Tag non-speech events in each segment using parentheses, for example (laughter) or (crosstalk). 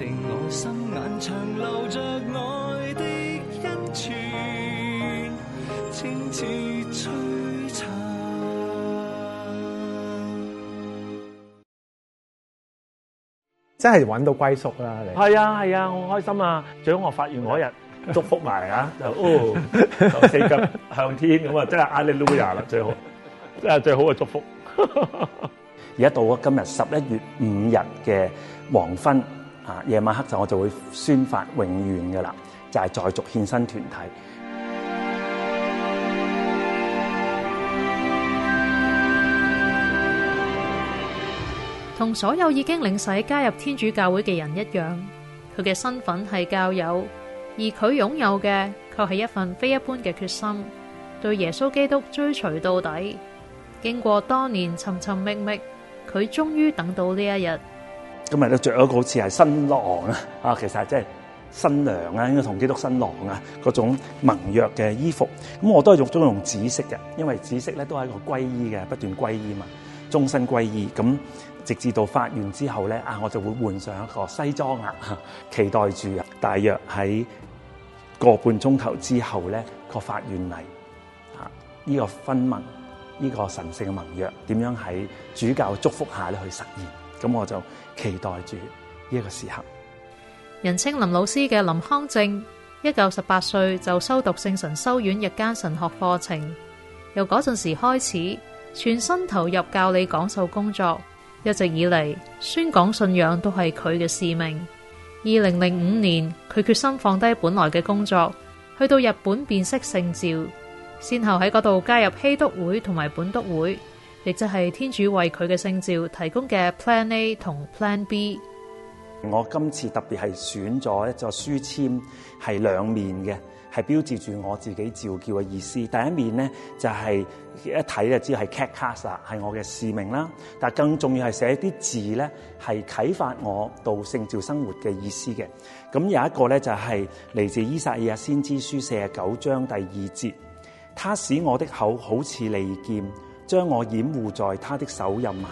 真係揾到歸宿啦！你係啊係啊，好、啊、開心啊！獎學發我嗰日， (laughs) 祝福埋啊！就哦，就四級向天咁啊！ (laughs) 真係 alleluia 啦，最好啊，真係最好嘅祝福。而 (laughs) 家到咗今日十一月五日嘅黃昏。夜晚黑就我就會宣發永願嘅啦，就係在俗獻身團體。同所有已經領洗加入天主教會嘅人一樣，佢嘅身份係教友，而佢擁有嘅，卻係一份非一般嘅決心，對耶穌基督追隨到底。經過多年尋尋覓覓，佢終於等到呢一日。今日著咗一個好似係新郎啊，啊，其實係即係新娘啊，應該同基督新郎啊嗰種盟約嘅衣服。咁我都係用，都用紫色嘅，因為紫色咧都係一個歸依嘅，不斷歸依嘛，終身歸依。咁直至到發願之後咧，啊，我就會換上一個西裝啊，期待住啊。大約喺個半鐘頭之後咧，個發願嚟啊，呢個婚盟，呢個神聖嘅盟約，點樣喺主教祝福下咧去實現？咁我就。期待住呢個時刻。人稱林老師嘅林康正，一九十八歲就修讀聖神修院日間神學課程，由嗰陣時開始，全身投入教理講授工作。一直以嚟，宣講信仰都係佢嘅使命。二零零五年，佢決心放低本來嘅工作，去到日本辨識聖召，先後喺嗰度加入希督會同埋本督會。亦即係天主為佢嘅聖召提供嘅 Plan A 同 Plan B。我今次特別係選咗一個書籤，係兩面嘅，係標誌住我自己召叫嘅意思。第一面咧就係、是、一睇就知係 Cat Casa 啦，係我嘅使命啦。但更重要係寫啲字咧，係啟發我到聖召生活嘅意思嘅。咁有一個咧就係、是、嚟自《依撒意亞先知書》四十九章第二節，他使我的口好似利劍。將我掩護在他的手蔭下，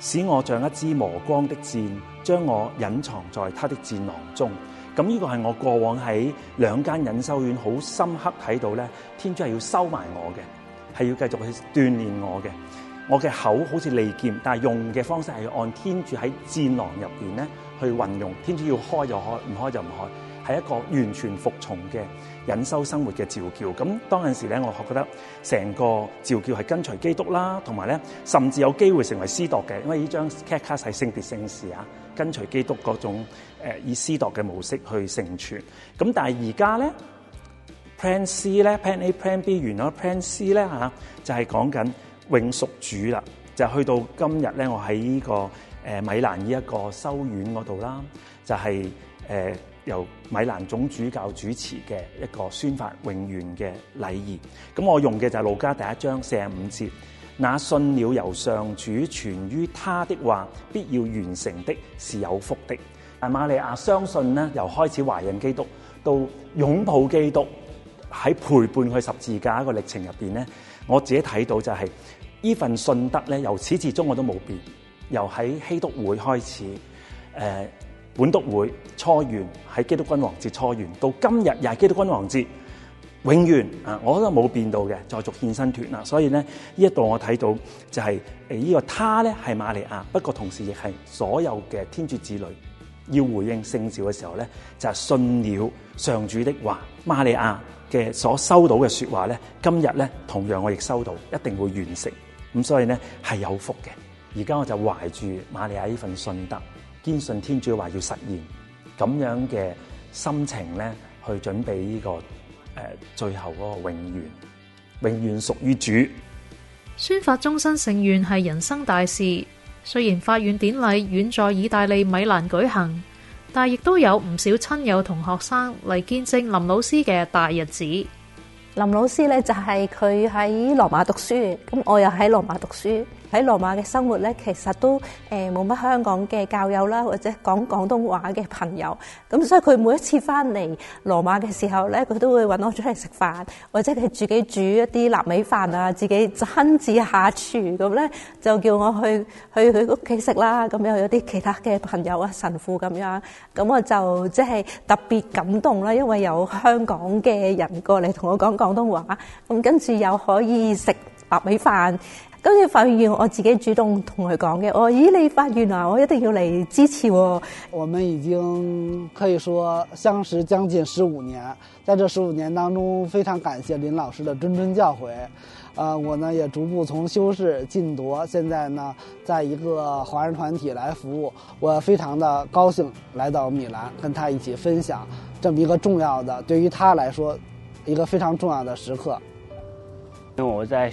使我像一支磨光的箭，將我隱藏在他的箭囊中。咁呢個係我過往喺兩間隱修院好深刻睇到咧，天主係要收埋我嘅，係要繼續去鍛煉我嘅。我嘅口好似利劍，但係用嘅方式係按天主喺箭囊入邊咧去運用，天主要開就開，唔開就唔開。係一個完全服從嘅隱修生活嘅召叫，咁當陣時咧，我學覺得成個召叫係跟隨基督啦，同埋咧甚至有機會成為司鐸嘅，因為呢張 card 卡係聖別聖事啊，跟隨基督嗰種以司鐸嘅模式去生存。咁但係而家咧 plan C 咧 plan A plan B 原來 plan C 咧嚇就係講緊永屬主啦，就去到今日咧、這個，我喺呢個誒米蘭呢一個修院嗰度啦，就係、是、誒。呃由米蘭總主教主持嘅一個宣發永願嘅禮儀，咁我用嘅就係路加第一章四十五節，那信了由上主傳於他的話，必要完成的，是有福的。但瑪利亞相信呢，由開始懷孕基督到擁抱基督，喺陪伴佢十字架一個歷程入邊呢，我自己睇到就係呢份信德呢，由始至終我都冇變，由喺希督會開始，誒。本督會初完喺基督君王節初完，到今日又係基督君王節，永遠啊，我都冇變到嘅，再續獻身脱啦。所以咧，呢一度我睇到就係、是、誒，呢、這個他咧係瑪利亞，不過同時亦係所有嘅天主子女要回應聖召嘅時候咧，就係、是、信了上主的話。瑪利亞嘅所收到嘅說話咧，今日咧同樣我亦收到，一定會完成。咁所以咧係有福嘅。而家我就懷住瑪利亞呢份信德。堅信天主話要實現，咁樣嘅心情咧，去準備呢、這個誒、呃、最後嗰個永遠，永遠屬於主。宣發終身聖願係人生大事，雖然發願典禮遠在意大利米蘭舉行，但亦都有唔少親友同學生嚟見證林老師嘅大日子。林老師咧就係佢喺羅馬讀書，咁我又喺羅馬讀書。喺羅馬嘅生活咧，其實都誒冇乜香港嘅教友啦，或者講廣東話嘅朋友。咁所以佢每一次翻嚟羅馬嘅時候咧，佢都會搵我出嚟食飯，或者佢自己煮一啲臘味飯啊，自己親自下廚咁咧，就叫我去去佢屋企食啦。咁又有啲其他嘅朋友啊、神父咁樣，咁我就即係特別感動啦，因為有香港嘅人過嚟同我講廣東話，咁跟住又可以食臘味飯。跟住發願我自己主動同佢講嘅，我咦你發願啊，我一定要嚟支持，哦。我們已經可以說相識將近十五年，在這十五年當中，非常感謝林老師的諄諄教誨。啊、呃，我呢也逐步從修士晉鐸，現在呢，在一個華人團體來服務，我非常的高興來到米蘭跟他一起分享，這麼一個重要的對於他來說一個非常重要的時刻。因為我在。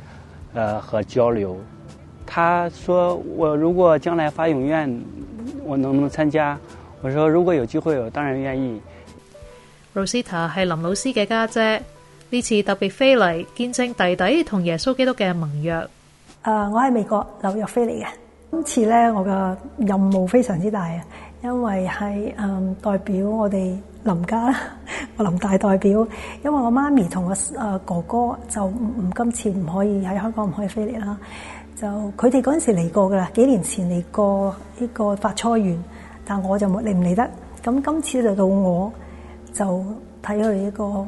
呃，和交流，他說我如果將來發永院，我能不能參加？我說如果有機會，我當然願意。Rosita 係林老師嘅家姐，姐，呢次特別飛嚟見證弟弟同耶穌基督嘅盟約。啊，uh, 我喺美國紐約飛嚟嘅，今次咧我嘅任務非常之大啊。因為係誒代表我哋林家啦，我林大代表。因為我媽咪同我誒哥哥就唔唔今次唔可以喺香港唔可以飛嚟啦。就佢哋陣時嚟過噶啦，幾年前嚟過呢個發初園，但我就冇嚟唔嚟得。咁今次就到我就睇佢呢個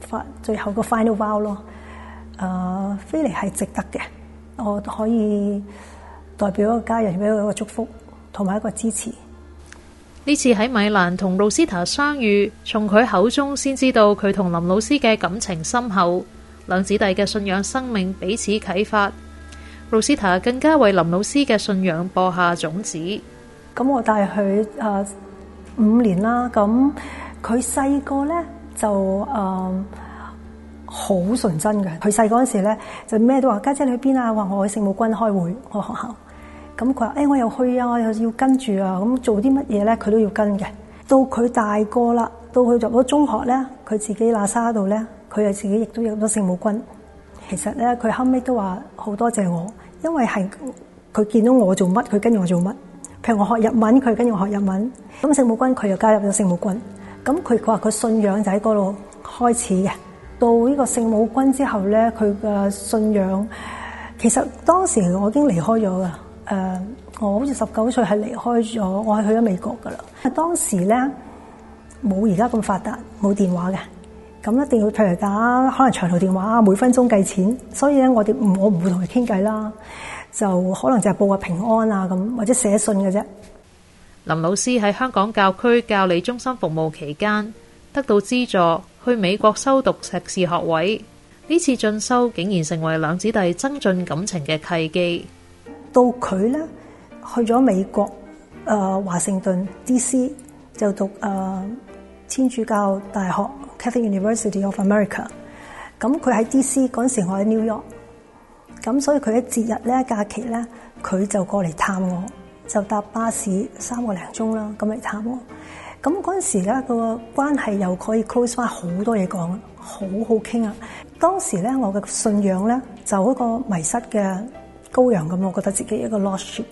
發最後個 final bow 咯，呃。誒飛嚟係值得嘅，我可以代表一個家人俾佢一個祝福同埋一個支持。呢次喺米蘭同露斯塔相遇，從佢口中先知道佢同林老師嘅感情深厚，兩子弟嘅信仰生命彼此啟發，露斯塔更加為林老師嘅信仰播下種子。咁我帶佢誒五年啦，咁佢細個咧就誒好純真嘅，佢細個嗰時咧就咩都話，家姐你去邊啊？話我去聖母軍開會，我學校。咁佢話，誒、哎，我又去啊，我又要跟住啊，咁做啲乜嘢咧？佢都要跟嘅。到佢大個啦，到佢入咗中學咧，佢自己喇沙度咧，佢又自己亦都入咗聖母軍。其實咧，佢後尾都話好多謝我，因為係佢見到我做乜，佢跟住我做乜。譬如我學日文，佢跟住我學日文。咁聖母軍佢又加入咗聖母軍。咁佢佢話佢信仰就喺嗰度開始嘅。到呢個聖母軍之後咧，佢嘅信仰其實當時我已經離開咗噶。誒、uh，我好似十九歲係離開咗，我係去咗美國噶啦。當時咧，冇而家咁發達，冇電話嘅，咁一定要譬如打，可能長途電話每分鐘計錢，所以咧我哋我唔會同佢傾偈啦，就可能淨係報個平安啊，咁或者寫信嘅啫。林老師喺香港教區教理中心服務期間，得到資助去美國修讀碩士學位。呢次進修竟然成為兩姊弟增進感情嘅契機。到佢咧去咗美國，誒、呃、華盛頓 D.C. 就讀誒、呃、天主教大學 Catholic University of America。咁佢喺 D.C. 嗰陣時我，我喺 New York。咁所以佢喺節日咧、假期咧，佢就過嚟探我，就搭巴士三個零鐘啦，咁嚟探我。咁嗰陣時咧，個關係又可以 close 翻，好多嘢講，好好傾啊！當時咧，我嘅信仰咧，就嗰個迷失嘅羔羊咁，我覺得自己一個 lost sheep，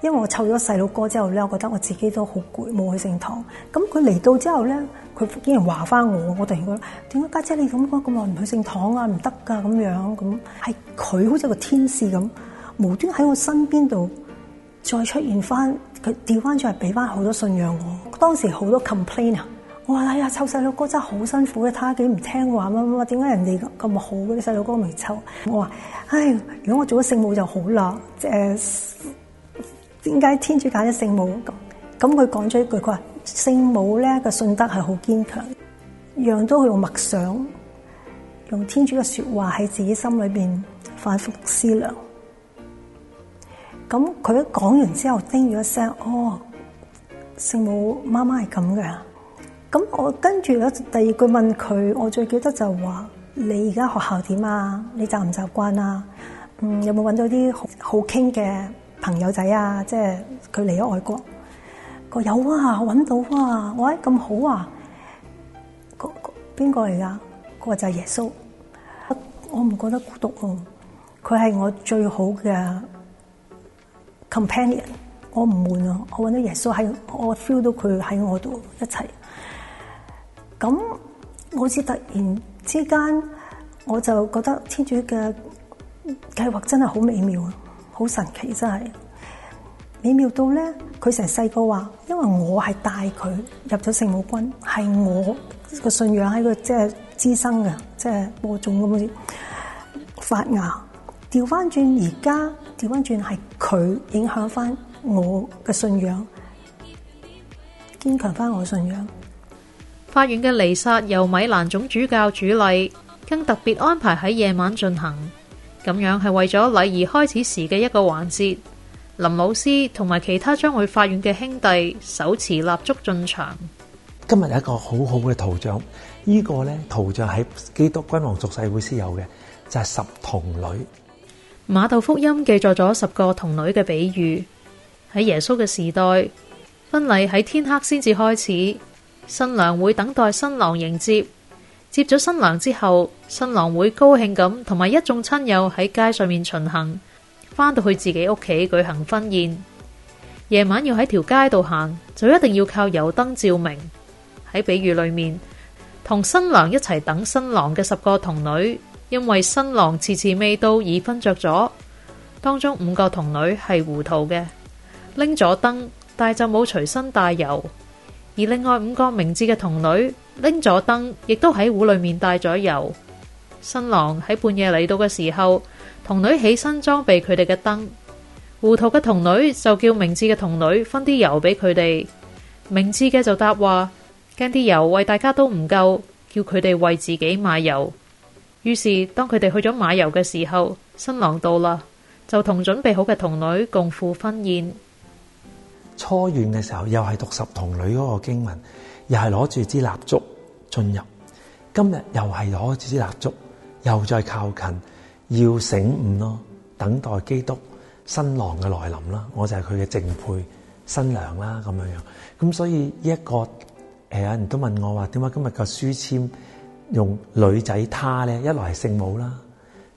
因為我湊咗細佬哥之後咧，我覺得我自己都好攰，冇去聖堂。咁佢嚟到之後咧，佢竟然話翻我，我突然覺得：「點解家姐，姐你咁講，咁耐唔去聖堂啊，唔得噶咁樣咁，係佢好似個天使咁，無端喺我身邊度再出現翻，佢調翻出嚟俾翻好多信仰我。當時好多 complain 啊、er。我話哎呀，湊細佬哥真係好辛苦嘅，他幾唔聽話乜乜，點解人哋咁好嘅細佬哥未湊？我話唉，如果我做咗聖母就好啦。誒、呃，點解天主揀咗聖母？咁咁佢講咗一句，佢話聖母咧個信德係好堅強，讓到佢用默想，用天主嘅說話喺自己心裏邊反覆思量。咁佢講完之後，叮咗一聲哦，聖母媽媽係咁嘅。咁我跟住咧，第二句問佢，我最記得就話：你而家學校點啊？你習唔習慣啊？嗯，有冇揾到啲好好傾嘅朋友仔啊？即係佢嚟咗外國，個有啊，揾到啊，喂，咁好啊！個邊個嚟噶？個就係耶穌，我唔覺得孤獨喎、啊，佢係我最好嘅 companion，我唔悶啊！我揾到耶穌喺，我 feel 到佢喺我度一齊。咁我似突然之間，我就覺得天主嘅計劃真係好美妙啊，好神奇真係！美妙到咧，佢成細個話，因為我係帶佢入咗聖母軍，係我個信仰喺嗰，即係滋生嘅，即係播種咁樣發芽。調翻轉而家，調翻轉係佢影響翻我嘅信仰，堅強翻我嘅信仰。法院嘅彌撒由米蘭總主教主禮，更特別安排喺夜晚進行，咁樣係為咗禮儀開始時嘅一個環節。林老師同埋其他將會法院嘅兄弟手持蠟燭進場。今日有一個很好好嘅圖像，呢、這個咧圖像喺基督君王俗世會先有嘅，就係、是、十童女。瑪竇福音記載咗十個童女嘅比喻，喺耶穌嘅時代，婚禮喺天黑先至開始。新娘會等待新郎迎接，接咗新娘之後，新郎會高興咁同埋一眾親友喺街上面巡行，返到去自己屋企舉行婚宴。夜晚要喺條街度行，就一定要靠油燈照明。喺比喻裏面，同新娘一齊等新郎嘅十個童女，因為新郎遲遲未到已瞓着咗，當中五個童女係糊塗嘅，拎咗燈，但就冇隨身帶油。而另外五個明智嘅童女拎咗燈，亦都喺壺裏面帶咗油。新郎喺半夜嚟到嘅時候，童女起身裝備佢哋嘅燈。糊塗嘅童女就叫明智嘅童女分啲油俾佢哋。明智嘅就答話驚啲油為大家都唔夠，叫佢哋為自己買油。於是當佢哋去咗買油嘅時候，新郎到啦，就同準備好嘅童女共赴婚宴。初願嘅時候又係讀十童女嗰個經文，又係攞住支蠟燭進入。今日又係攞住支蠟燭，又再靠近，要醒悟咯，等待基督新郎嘅來臨啦。我就係佢嘅正配新娘啦，咁樣樣。咁所以呢一個，誒，有人都問我話，點解今日個書簽用女仔她咧？一來係聖母啦，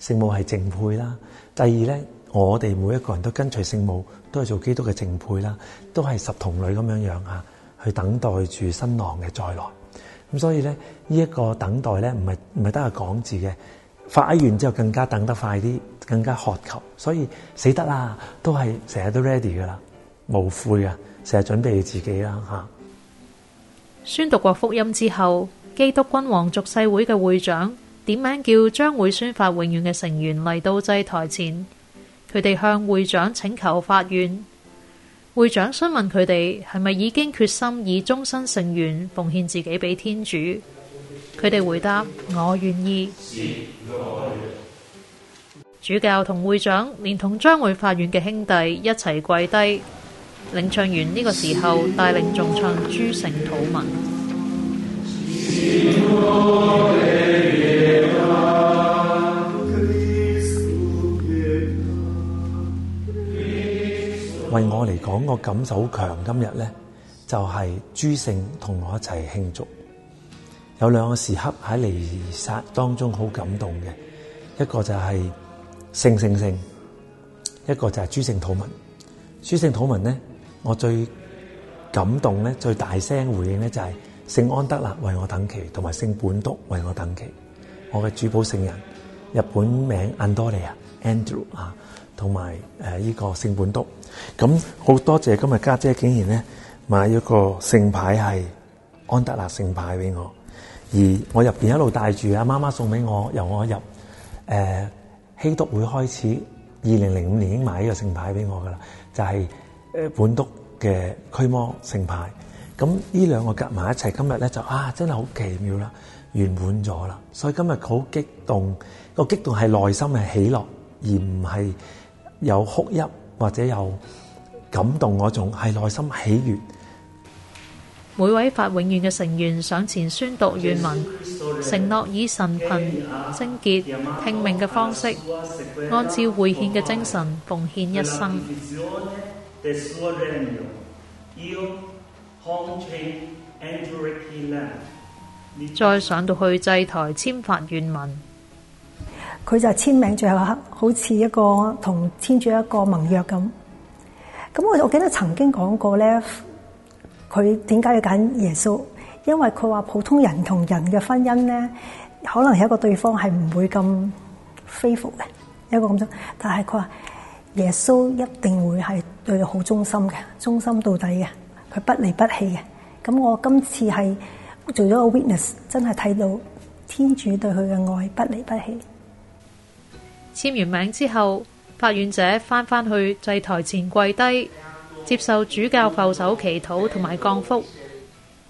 聖母係正配啦，第二咧。我哋每一個人都跟隨聖母，都係做基督嘅淨配啦，都係十童女咁樣樣啊，去等待住新郎嘅再來。咁所以咧，呢、這、一個等待咧，唔係唔係得個講字嘅。發完之後，更加等得快啲，更加渴求。所以死得啦，都係成日都 ready 噶啦，無悔嘅，成日準備自己啦吓。宣讀過福音之後，基督君王俗世會嘅會長點名叫將會宣發永遠嘅成員嚟到祭台前。佢哋向會長請求發願，會長詢問佢哋係咪已經決心以終身成員奉獻自己俾天主。佢哋回答：我願意。我主教同會長連同將會發願嘅兄弟一齊跪低，領唱員呢個時候，帶領眾唱《諸聖禱文》。為我嚟講，我感受好強。今日咧，就係諸聖同我一齊慶祝。有兩個時刻喺彌撒當中好感動嘅，一個就係聖聖聖，一個就係諸聖禱文。諸聖禱文咧，我最感動咧，最大聲回應咧就係聖安德肋為我等期，同埋聖本篤為我等期。我嘅主保聖人，日本名安多利亞 Andrew 啊，同埋誒呢個聖本篤。咁好多謝今日家姐,姐竟然咧買咗一個聖牌係安德納聖牌俾我，而我入邊一路戴住阿媽媽送俾我，由我入誒希督會開始，二零零五年已經買呢個聖牌俾我噶啦，就係誒本督嘅驅魔聖牌。咁呢兩個夾埋一齊，今日咧就啊真係好奇妙啦，圓滿咗啦！所以今日好激動，個激動係內心嘅喜樂，而唔係有哭泣。或者又感動我，仲係內心喜悅。每位發永遠嘅成員上前宣讀願文，承諾以神貧貞潔結聽命嘅方式，按照會憲嘅精神奉獻一生。再上到去祭台簽發願文。佢就簽名最後刻，好似一個同簽住一個盟約咁。咁我我記得曾經講過咧，佢點解要揀耶穌？因為佢話普通人同人嘅婚姻咧，可能係一個對方係唔會咁 faithful 嘅一個咁樣。但係佢話耶穌一定會係對佢好忠心嘅，忠心到底嘅，佢不離不棄嘅。咁我今次係做咗個 witness，真係睇到天主對佢嘅愛不離不棄。簽完名之後，發願者翻返去祭台前跪低，接受主教扶首祈禱同埋降福。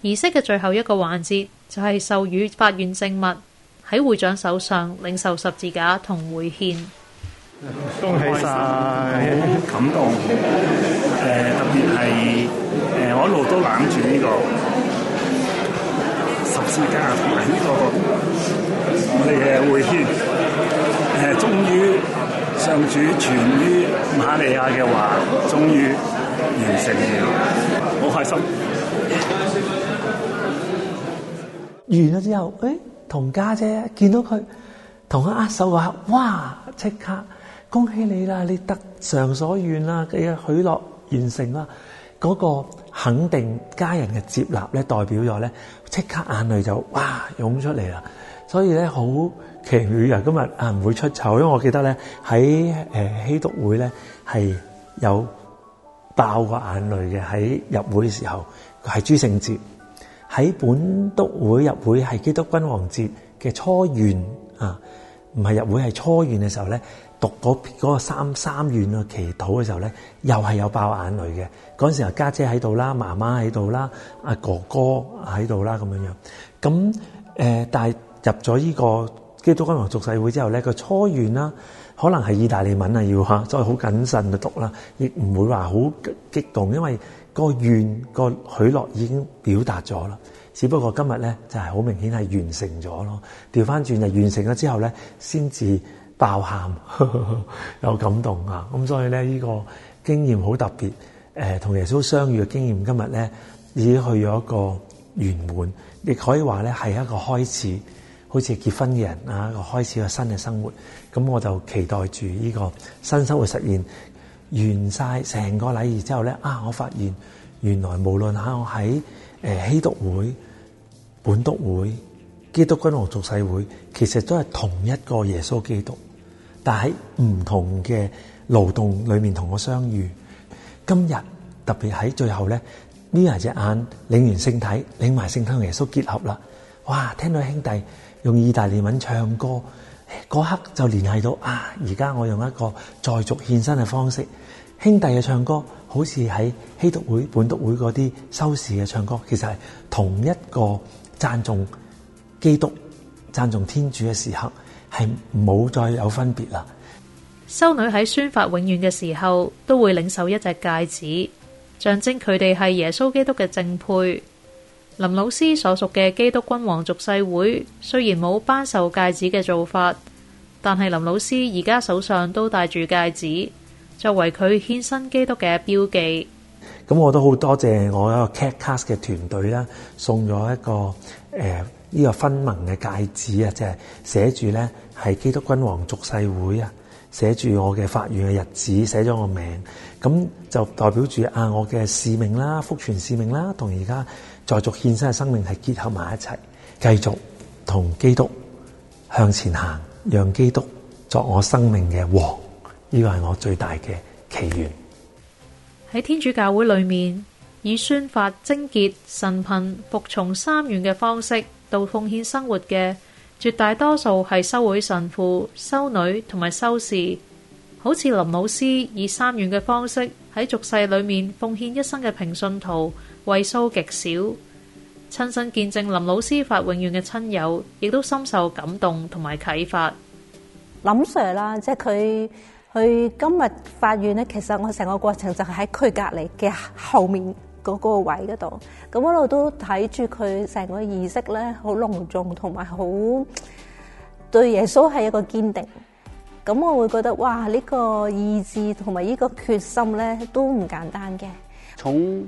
儀式嘅最後一個環節就係授予發願聖物，喺會長手上領受十字架同會獻。恭喜晒，好感動。特別係我一路都攬住呢個十字架同埋呢個我哋嘅會獻。誒，終於上主傳於瑪利亞嘅話，終於完成了，好開心。Yeah. 完咗之後，誒同家姐見到佢，同佢握手話：哇！即刻，恭喜你啦！你得償所願啦！你嘅許諾完成啦！嗰個肯定家人嘅接納咧，代表咗咧，即刻眼淚就哇湧出嚟啦！所以咧，好。其餘啊，今日啊唔會出醜，因為我記得咧喺誒希督會咧係有爆過眼淚嘅，喺入會嘅時候，係諸聖節喺本督會入會係基督君王節嘅初願啊，唔係入會係初願嘅時候咧，讀嗰、那個三三願嘅祈禱嘅時候咧，又係有爆眼淚嘅，嗰陣時候，家姐喺度啦，媽媽喺度啦，阿哥哥喺度啦咁樣樣咁誒、呃，但係入咗依、這個。基督君王俗世會之後咧，個初願啦，可能係意大利文啊，要嚇，所以好謹慎地讀啦，亦唔會話好激動，因為個願個許諾已經表達咗啦。只不過今日咧，就係好明顯係完成咗咯。調翻轉就完成咗之後咧，先至爆喊有感動啊！咁所以咧，呢個經驗好特別，誒同耶穌相遇嘅經驗，今日咧已經去咗一個圓滿，亦可以話咧係一個開始。好似結婚嘅人啊，開始個新嘅生活，咁我就期待住呢個新生活實現。完曬成個禮儀之後咧，啊！我發現原來無論嚇我喺誒希督會、本督會、基督君王俗世會，其實都係同一個耶穌基督，但喺唔同嘅勞動裡面同我相遇。今日特別喺最後咧，眯埋隻眼，領完聖體，領埋聖體同耶穌結合啦！哇，聽到兄弟～用意大利文唱歌，嗰刻就聯繫到啊！而家我用一個在俗獻身嘅方式，兄弟嘅唱歌，好似喺熙篤會、本篤會嗰啲修士嘅唱歌，其實係同一個讚頌基督、讚頌天主嘅時刻，係冇再有分別啦。修女喺宣發永願嘅時候，都會領受一隻戒指，象徵佢哋係耶穌基督嘅正配。林老師所屬嘅基督君王俗世會雖然冇頒授戒指嘅做法，但係林老師而家手上都戴住戒指，作為佢獻身基督嘅標記。咁我都好多謝我一個 catcast 嘅團隊啦，送咗一個誒呢個分盟嘅戒指啊，即係寫住咧係基督君王俗世會啊，寫住我嘅發願嘅日子，寫咗我的名，咁就代表住啊我嘅使命啦，福傳使命啦，同而家。在俗獻身嘅生命係結合埋一齊，繼續同基督向前行，讓基督作我生命嘅王，呢個係我最大嘅祈願。喺天主教會裏面，以宣發、貞潔、神貧、服從三願嘅方式，到奉獻生活嘅絕大多數係修會神父、修女同埋修士，好似林姆斯以三願嘅方式喺俗世裏面奉獻一生嘅平信徒。為數極少，親身見證林老師法永遠嘅親友，亦都深受感動同埋啟發。林 sir 啦，即係佢去今日法院咧，其實我成個過程就係喺佢隔籬嘅後面嗰個位嗰度。咁我都睇住佢成個儀式咧，好隆重同埋好對耶穌係一個堅定。咁我會覺得，哇！呢個意志同埋呢個決心咧，都唔簡單嘅。從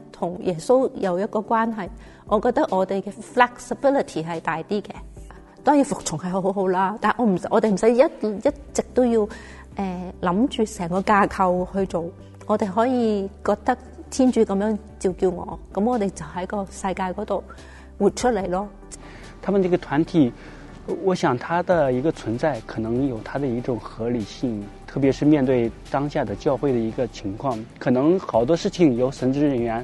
同耶穌有一個關係，我覺得我哋嘅 flexibility 係大啲嘅。當然服從係好好啦，但我唔我哋唔使一一直都要誒諗住成個架構去做，我哋可以覺得天主咁樣召叫我，咁我哋就喺個世界嗰度活出嚟咯。他們呢個團體，我想它的一個存在可能有它的一種合理性，特別是面對當下的教會的一個情況，可能好多事情由神職人員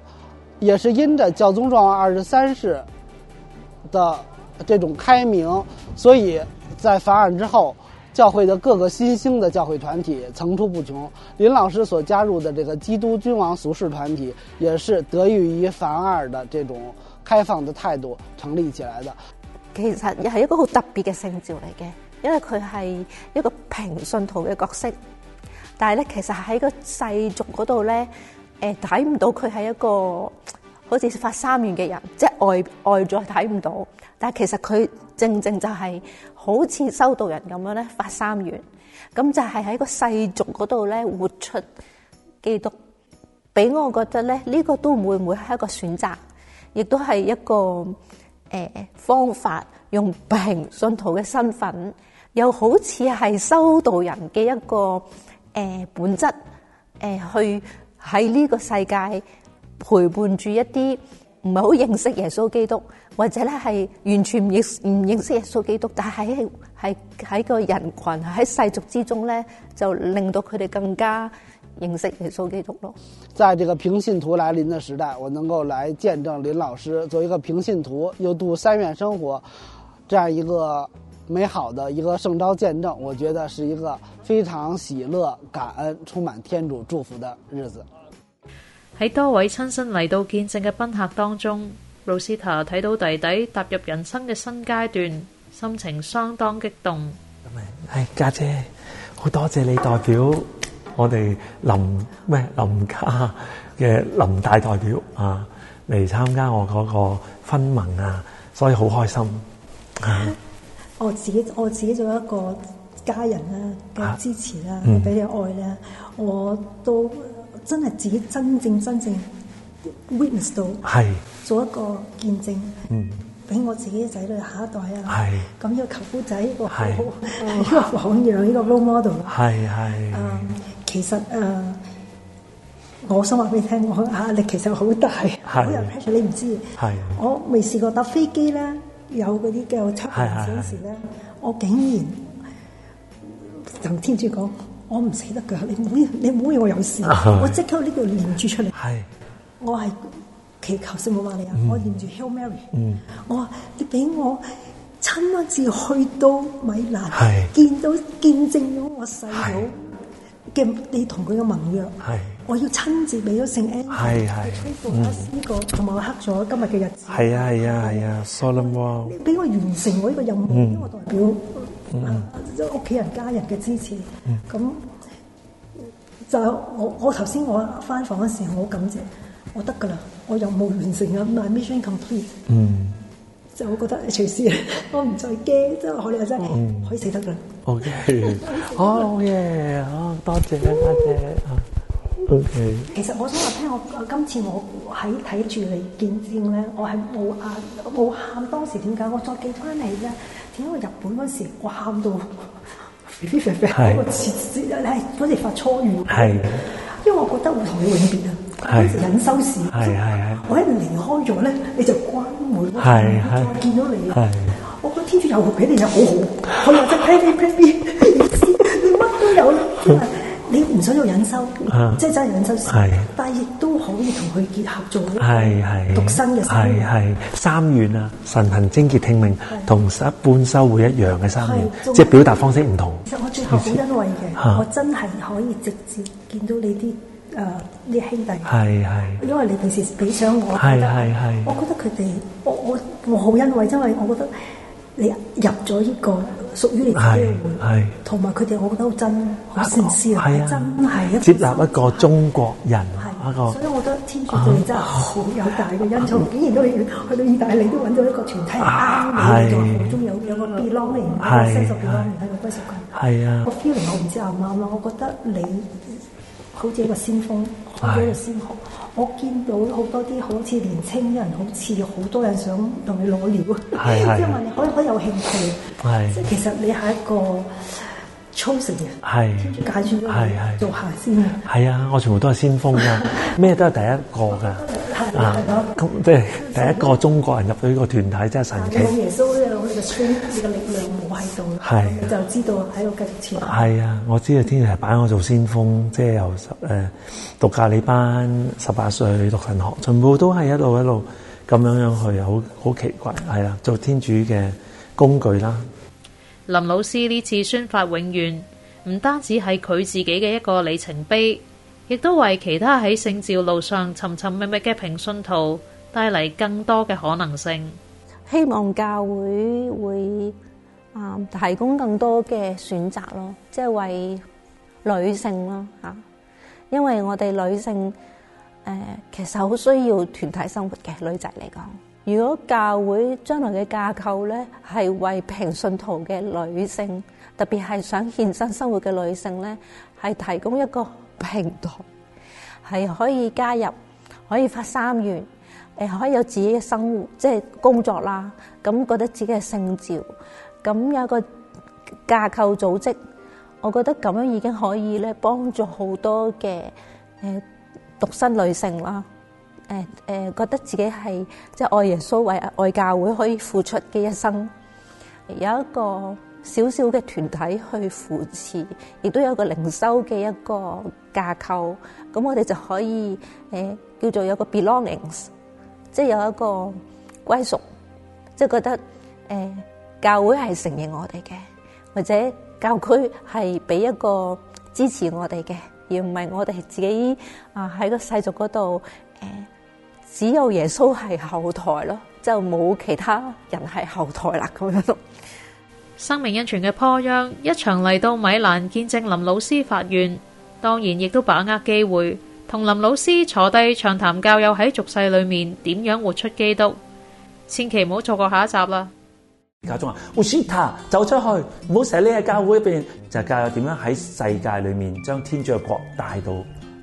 也是因着教宗若望二十三世的這種開明，所以在梵二之後，教會的各個新興的教會團體層出不窮。林老師所加入的這個基督君王俗世團體，也是得益於梵二的這種開放的態度成立起來的。其實也係一個好特別嘅聖召嚟嘅，因為佢係一個平信徒嘅角色，但係咧，其實喺個世俗嗰度咧。誒，睇唔、呃、到佢係一個好似發三願嘅人，即係外外在睇唔到，但係其實佢正正就係、是、好似修道人咁樣咧發三願咁就係喺個世俗嗰度咧活出基督，俾我覺得咧呢、這個都唔會唔會係一個選擇，亦都係一個誒、呃、方法，用平信徒嘅身份，又好似係修道人嘅一個誒、呃、本質誒、呃、去。喺呢個世界陪伴住一啲唔係好認識耶穌基督，或者咧係完全唔認唔認識耶穌基督，但係喺喺個人群喺世俗之中咧，就令到佢哋更加認識耶穌基督咯。在這個平信徒來臨嘅時代，我能夠來見證林老師做一個平信徒，又度三院生活，這樣一個美好的一個聖召見證，我覺得是一個非常喜樂、感恩、充滿天主祝福的日子。喺多位親身嚟到見證嘅賓客當中，路斯塔睇到弟弟踏入人生嘅新階段，心情相當激動。係家、哎、姐，姐，好多謝你代表我哋林咩林家嘅、啊、林大代表啊嚟參加我嗰個婚盟啊，所以好開心。啊 (laughs) 我自己我自己做一個家人啦嘅支持啦，俾你愛咧，我都真係自己真正真正 witness 到，係做一個見證，嗯，俾我自己嘅仔女下一代啊，係咁要舅父仔，呢個好好，呢個榜樣，呢個 role model，係係。誒，其實誒，我想話俾你聽，我壓力其實好大，好有 pressure，你唔知，係我未試過搭飛機啦。有嗰啲叫七個小時咧，我竟然就天主講：我唔死得嘅，你唔好，你唔好以我有事，我即刻呢度唸住出嚟。我係祈求聖母，我話你啊，我唸住 Hail Mary。我話你俾我親一次去到米蘭，見到見證咗我細佬嘅你同佢嘅盟約。我要親自俾咗姓 M，嗯，同埋我刻咗今日嘅日子，係啊係啊係啊，Salim Wah，你俾我完成我呢個任務，因為代表屋企人家人嘅支持，咁就我我頭先我翻房嘅時候，我感謝我得噶啦，我任務完成啊，my mission complete，嗯，就我覺得隨之，我唔再驚，即係可能真係可以死得噶，OK，哦耶，哦多謝多謝嚇。其實我想話聽，我今次我喺睇住你見證咧，我係冇啊冇喊，當時點解？我再記翻嚟咧，點解？我日本嗰時我喊到肥肥肥肥，我次次咧，嗰時發初語，係，因為我覺得會同你永別啊，當時忍收市，係係係，我一離開咗咧，你就關門，我唔再見到你，我覺得天主又俾你只好好，我話齋肥肥肥肥，乜都有你唔想要隱修，啊、即係真係隱修，是但係亦都可以同佢結合做一個獨身嘅，係係三願啊，神行貞潔聽命，是同一般修會一樣嘅三願，即係表達方式唔同。其實我最後好欣慰嘅，是我真係可以直接見到你啲誒啲兄弟，係係，因為你平時俾獎我，係係係，我覺得佢哋，我我我好欣慰，因為我覺得。你入咗呢個屬於你嘅會，係，同埋佢哋我覺得好真，好先思。啊，真係接納一個中國人，係，所以我覺得天主對你真係好有大嘅恩寵，竟然都去去到意大利都搵到一個全體啱嘅，我好中意有個 belonging，啊，三十 belonging 喺個歸屬感，係啊，個 feeling 我唔知啱唔啱咯，我覺得你好似一個先鋒，好似一個先河。我見到好多啲好似年輕人，好似好多人想同你攞料啊，因為你可以可以有興趣，即係是其實你係一個操成人，係解暑，係係做下係係係先鋒，係啊，我全部都係先鋒噶，咩 (laughs) 都係第一個噶。咁即係第一個中國人入到呢個團體，真係神奇。啊、耶穌咧，佢嘅催，佢嘅力量冇喺度，係、啊、就知道喺度繼續前行。係啊，我知道天主係擺我做先鋒，即係由十誒讀教理班，十八歲去讀神學，全部都係一路一路咁樣樣去，好好奇怪，係啦、啊，做天主嘅工具啦。林老師呢次宣發永遠，唔單止係佢自己嘅一個里程碑。亦都為其他喺聖召路上尋尋覓覓嘅平信徒帶嚟更多嘅可能性。希望教會會啊提供更多嘅選擇咯，即係為女性咯吓，因為我哋女性誒其實好需要團體生活嘅女仔嚟講。如果教會將來嘅架構咧係為平信徒嘅女性，特別係想獻身生活嘅女性咧，係提供一個。平台係可以加入，可以發三願，誒、呃、可以有自己嘅生活，即係工作啦。咁、啊、覺得自己係聖召，咁、啊、有一個架構組織，我覺得咁樣已經可以咧幫助好多嘅誒獨身女性啦。誒、啊、誒、啊，覺得自己係即係愛耶穌為愛教會可以付出嘅一生，有一個小小嘅團體去扶持，亦都有個靈修嘅一個。架構咁，我哋就可以誒、欸、叫做有個 belongings，即係有一個歸屬，即係覺得誒、欸、教會係承認我哋嘅，或者教區係俾一個支持我哋嘅，而唔係我哋自己啊喺個世俗嗰度誒只有耶穌係後台咯，就冇其他人係後台啦，咁樣生命恩泉嘅坡殃，一場嚟到米蘭見證林老師發願。當然，亦都把握機會同林老師坐低長談教友喺俗世裏面點樣活出基督，千祈唔好錯過下一集啦！教宗話：，Husita 走出去，唔好成日匿喺教會入邊，就是、教友點樣喺世界裏面將天主嘅國帶到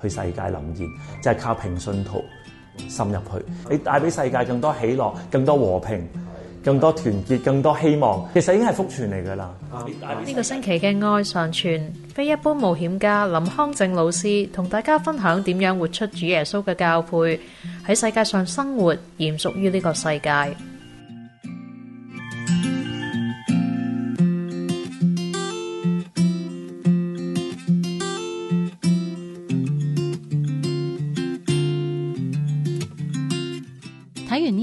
去世界臨現，就係、是、靠平信徒滲入去，你帶俾世界更多喜樂，更多和平。更多團結，更多希望，其實已經係福傳嚟㗎喇。呢個星期嘅愛上傳，非一般冒險家林康正老師同大家分享點樣活出主耶穌嘅教誨，喺世界上生活，嚴屬於呢個世界。